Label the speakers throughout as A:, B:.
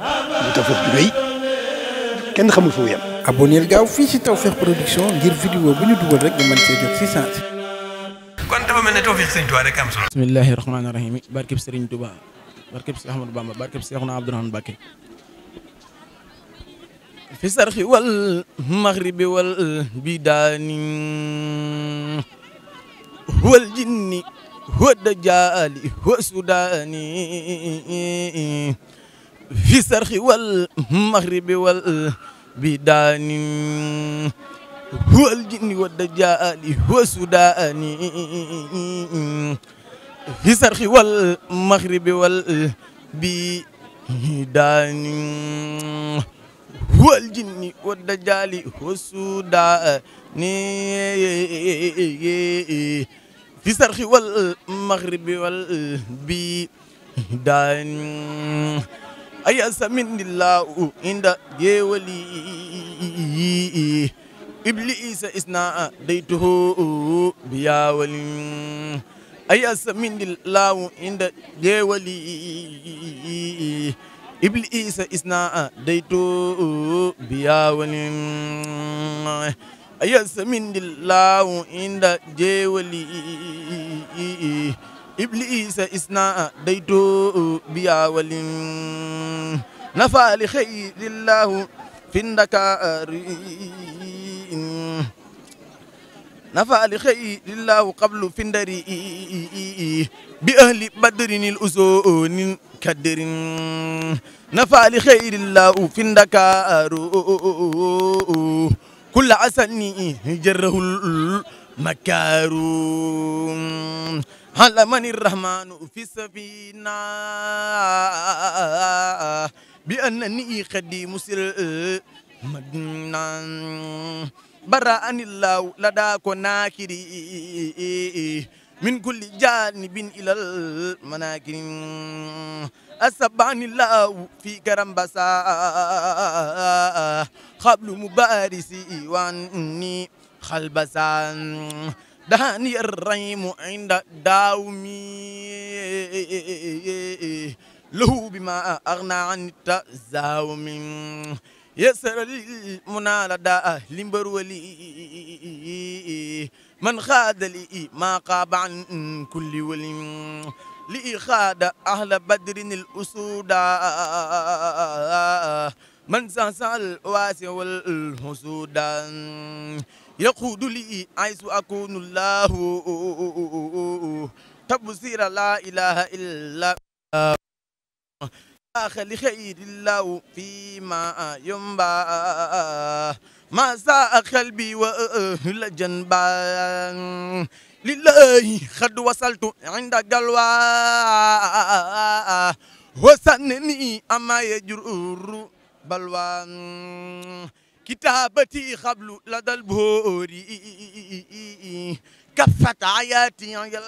A: muy Tawfekh ju rëy kenn xamul fu mu yem. abonneel gaaw fii ci Tawfekh Production ngir vidéo bu ñu dugal rek nga mën see jot si saa si. kon mel ne Tawfekh Sëriñ Tuubaa rek am solo. bismillaahi rahmaani rahiim barkeb Sëriñ Tuubaa barkeb Seex Ahmadu Bamba barkeb Seexuna Abdurahmaan Bakke. fi sarxi wal maghribi wal bidaani wal jinni wa dajaali fi sarxi wal maxribi wal bidaani wal jinni wa dajaali wa sudaani fi sarxi wal maxribi wal bidaani wal jinni wa dajaali wa sudaani fi sarxi wal maxribi wal bidaani ayasamindillahu inda géewali yi iblisa isna daytuhu biyawali ayasamindillahu inda géewali yi iblisa isna inda géewali iblisa isna daytuhu biyawali nafa li xëyrillahu fi ndakaari nafa li xëyrillahu qablu fi ndari bi ahli badrinil usonin kadrin nafa li xëyrillahu fi ndakaaru kulla asani jarrahul makaaru alamani rahmanu fi safina بأنني قد مسر مدنا برأني الله لداك ناكري من كل جانب إلى المناكر أسبعني الله في كرم بسا قبل مبارسي وعني خلبسا دهني الريم عند داومي lahu bima arna an ta zaaw min yasarali mu naa la daa li mbër wali man xaada li maa xaaba an kulli wali li xaada ahla badrin al usuda man sansal waasi wal husuda yaquudu li aysu akunu llahu tabsira la ilaha illa لخير الله فيما ينبع ما ساء قلبي وأهل جنبا لله قد وصلت عند جلوى وسنني أما يجر بلوى كتابتي قبل لدى البور كفت حياتي يا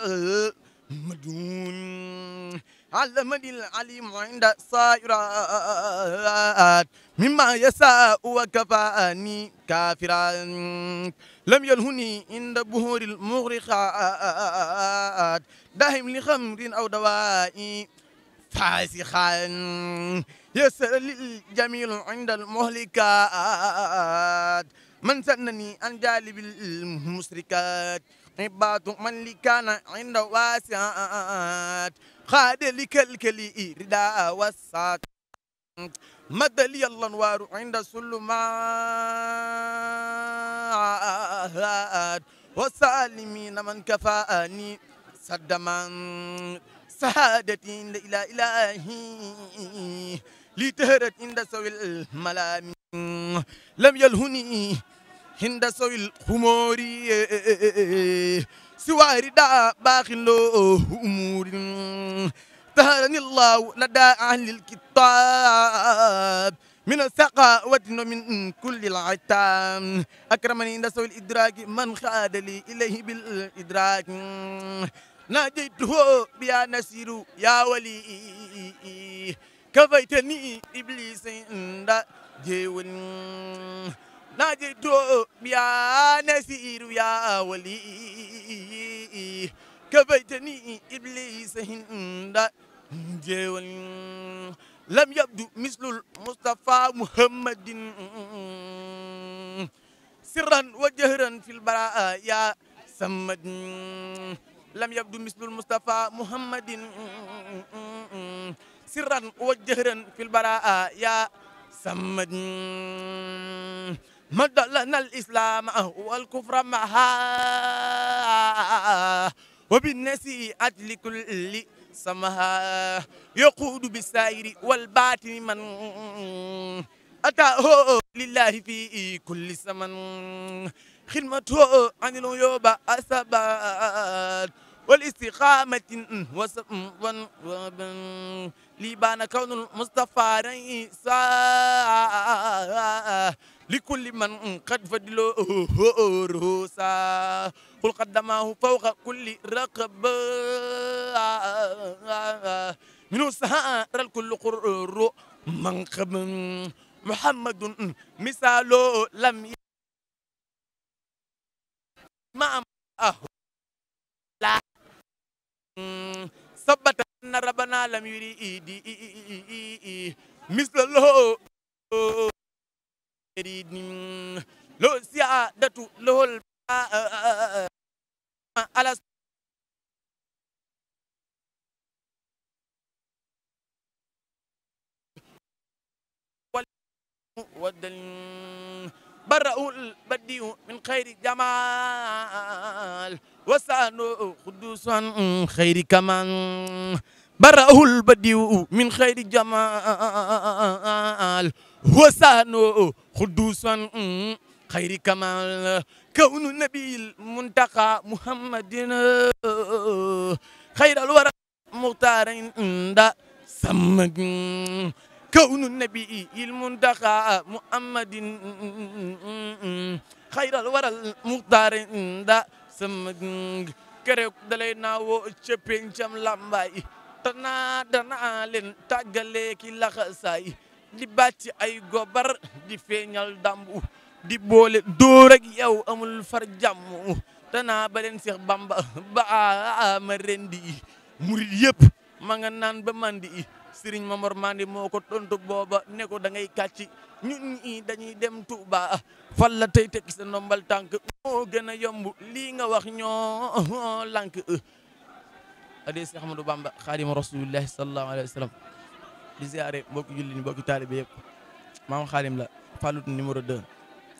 A: المدون علمني العليم عند الصائرات مما يساء وكفاني كافرا لم يلهني عند بهور المغرقات داهم لخمر أو دواء فاسخا يسر للجميل عند المهلكات من سنني عن جالب المشركات عباد من لي كان عند واسعات xaade li kalkali i rida wasaat madali allan waaru inda sulumaat wasalimina man kafaani saddaman sahaadati inda ila ilahi li tëhërat inda sawil malaami lam yalhuni inda sawil xumoori سوى رداء باخ له أمور طهرني الله لدى أهل الكتاب من السقاوة ومن كل العتام أكرمني نسو الإدراك من خاد لي إليه بالإدراك ناجيته بيا نسير يا ولي كفيتني إبليس عند جيول نجدو يا نسير يا ولي كفيتني إبليس هند جول لم يبدو مثل المصطفى محمد سرا وجهرا في البراء يا سمد لم يبدو مثل المصطفى محمد سرا وجهرا في البراء يا سمد مد لنا الإسلام والكفر معها وبالنسيئة لكل سمها يقود بالسائر والباطن من أتاه لله في كل زمن خدمته عن العيوب أثبات والاستقامة وسبا لبان كون المصطفى رئيسا li kulli man qad fadiloo ruusa qul qaddamaahu fawqa kulli raqaba minu saaral kullu qurru manqab muhammadun misaaloo lam maam ahu la sabata anna rabbana lam yuridi mislaloo lo siadatu lohol alas ودل برأ البدي من خير جمال وسانو قدوسا خير كمان برأه البدي من خير جمال الكمال وسانو خدوسا خير كمال كون النبي المنتقى محمد خير الورى مختار عند سمك كون النبي المنتقى محمد خير الورى المختار عند سمك keroog dalay naawoo ca pencam lambaay tanaa danaa leen tàggalee ki laxasaay di bàcc ay gobar di feeñal dambu di boole dóor ak yow amul far jàmm danaa ba leen Seex Bamba ba ma rendi i murit yëpp ma nga naan ba mandi i Sëriñ màndi Mandi moo ko tontu booba ne ko da kàcc ñun ñii dañuy dem Touba fan la tey tekki sa ndombal tànk moo gën a yomb lii nga wax ñoo lànk adee ma Ahmadou Bamba xaadima rasulillahi sallallahu di ziare mbokki julli mbokki taalibe yëpp maam xaalim la Fallut numéro 2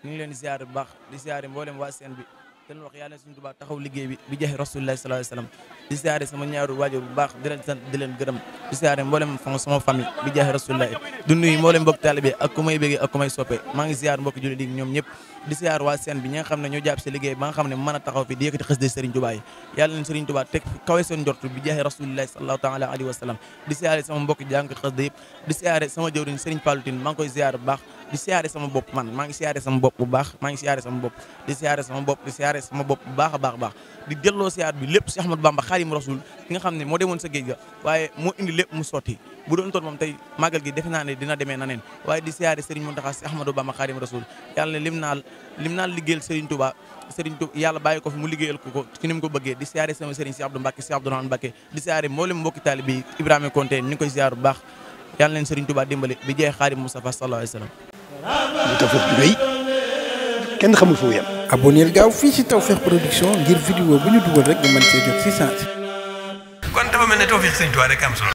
A: ñu ngi leen di ziare bu baax di ziare mboolem waa seen bi te wax yàlla na suñu Tuubaa taxaw liggéey bi bi jeex rasulullah sallallahu alayhi wasallam di siyaare sama ñaaru waajur bu baax di leen sant di leen gërëm di siyaare mboolem fan sama famille bi jeex rasulullah du nuyu mboolem mbokk taalibe ak ku may bëggee maa ngi siyaar mbokk jullit ñoom ñëpp di siyaar waa seen bi ñi xam ne ñoo jàpp liggéey ba nga xam ne a taxaw fi di yëkkati bi jeex rasulullah sallallahu taala alayhi wasallam di siyaare sama mbokk jàng xës de yëpp di siyaare sama jëwriñ Serigne Palutine maa ngi koy baax di siyaare sama bopp man maa ngi siyaare sama bopp bu baax maa ngi siyaare sama bopp di siyaare sama bopp di siyaare sama bopp bu baax a baax baax di delloo siyaar bi lépp si Ahmadu Bamba Xaadimu Rasuul ki nga xam ne moo demoon sa géej ga waaye moo lépp bu doon toon moom tey màggal gi defe naa ne dina demee na waaye di siyaare Serigne Mountakha si Ahmadu Bamba Xaadimu Rasuul yàlla ne lim naal lim naal liggéeyal Serigne Touba Serigne Touba yàlla bàyyi ko fi mu liggéeyal ko ko ci ni mu ko bëggee di siyaare sama Serigne si Abdou Mbacké si Abdou Rahman Mbacké di siyaare mboolem mbokki taalibe bi Ibrahima Konté ñu ngi koy siyaar bu baax yàlla leen Serigne muy Tawfekh ju rëy kenn xamul fu mu yem. abonneel gaaw fii ci Tawfekh production ngir vidéo bu ñu dugal rek nga mën see jot si saa si. kon dafa mel ne Tawfekh Sëriñ Tuubaa rek am solo.